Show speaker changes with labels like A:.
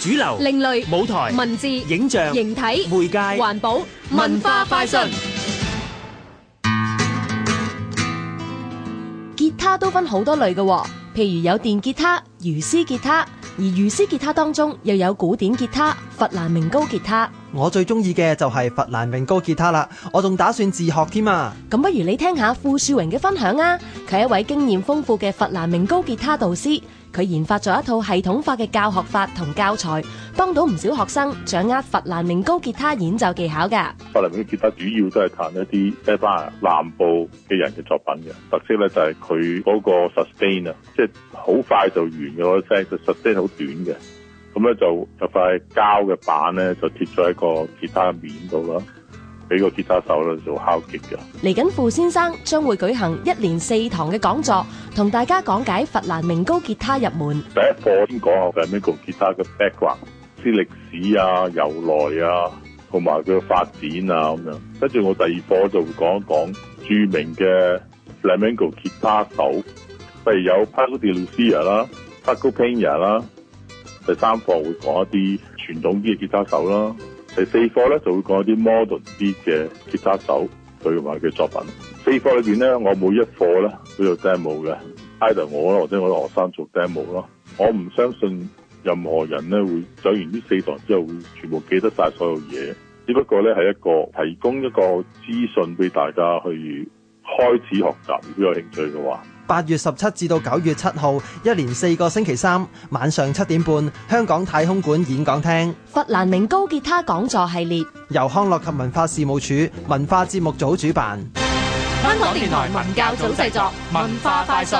A: 主流、另類、舞台、文字、影像、形體、媒介、環保、文化快訊。吉他都分好多類嘅，譬如有電吉他、魚絲吉他，而魚絲吉他當中又有古典吉他。佛蘭明高吉他，
B: 我最中意嘅就係佛蘭明高吉他啦，我仲打算自學添啊！咁不如你聽下傅樹榮嘅分享啊，佢係一
A: 位經驗豐富嘅佛蘭明高吉他導師，佢研發咗一套系統化嘅教學法同教材，幫到唔少學生掌握佛蘭明高吉他演奏技巧噶。
C: 佛蘭明吉他主要都係彈一啲一班南部嘅人嘅作品嘅，特色咧就係佢嗰個 sustain 啊，即係好快就完咗個聲。即係個 sustain 好短嘅。咁咧就塊膠就塊膠嘅板咧就貼咗喺個吉他嘅面度啦，俾個吉他手咧做敲擊嘅。
A: 嚟緊傅先生將會舉行一連四堂嘅講座，同大家講解佛蘭明高吉他入門。
C: 第一課先講下 Flamingo 吉他嘅 background，啲歷史啊、由來啊，同埋佢嘅發展啊咁樣。跟住我第二課就會講一講著名嘅 Flamingo 吉他手，例如有 Paco De Lucia 啦、Paco Pena 啦。第三課會講一啲傳統啲嘅吉他手啦，第四課咧就會講一啲 modern 啲嘅吉他手對佢嘅作品。四課裏面咧，我每一課咧都有 demo 嘅，either 我啦或者我學生做 demo 咯。我唔相信任何人咧會走完呢四堂之後會全部記得晒所有嘢，只不過咧係一個提供一個資訊俾大家去開始學習，如果有興趣嘅話。
B: 八月十七至到九月七號，一連四個星期三晚上七點半，香港太空館演講廳佛蘭明高結他講座系列，由康樂及文化事務處文化節目組主辦。
A: 香港電台文教組製作文化快訊。